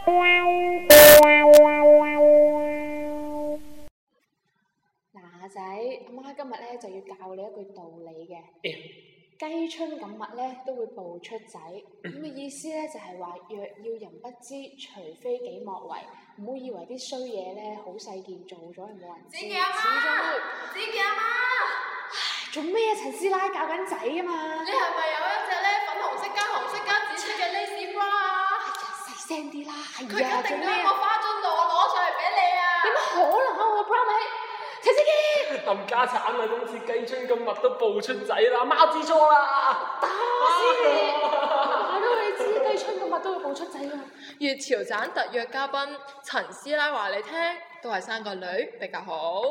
嗱仔，媽、呃、今日咧就要教你一句道理嘅。雞、嗯、春咁密咧都會哺出仔，咁嘅、嗯、意思咧就係、是、話，若要人不知，除非己莫為。唔好以為啲衰嘢咧好細件做咗又冇人知。知嘢阿媽，知嘢阿媽。唉，做咩啊？陳師奶教緊仔啊嘛。嘛你係咪？啲啦，佢一、啊、定喺個花樽度，我攞上嚟俾你啊！點可能啊，我 plan 起， 陳司機，冚家鏟啊，今次雞春咁密都哺出仔啦，貓之錯啦，打死你！我都係知雞春咁密都會哺出仔啊！粵潮盞特約嘉賓陳師奶話你聽，都係生個女比較好。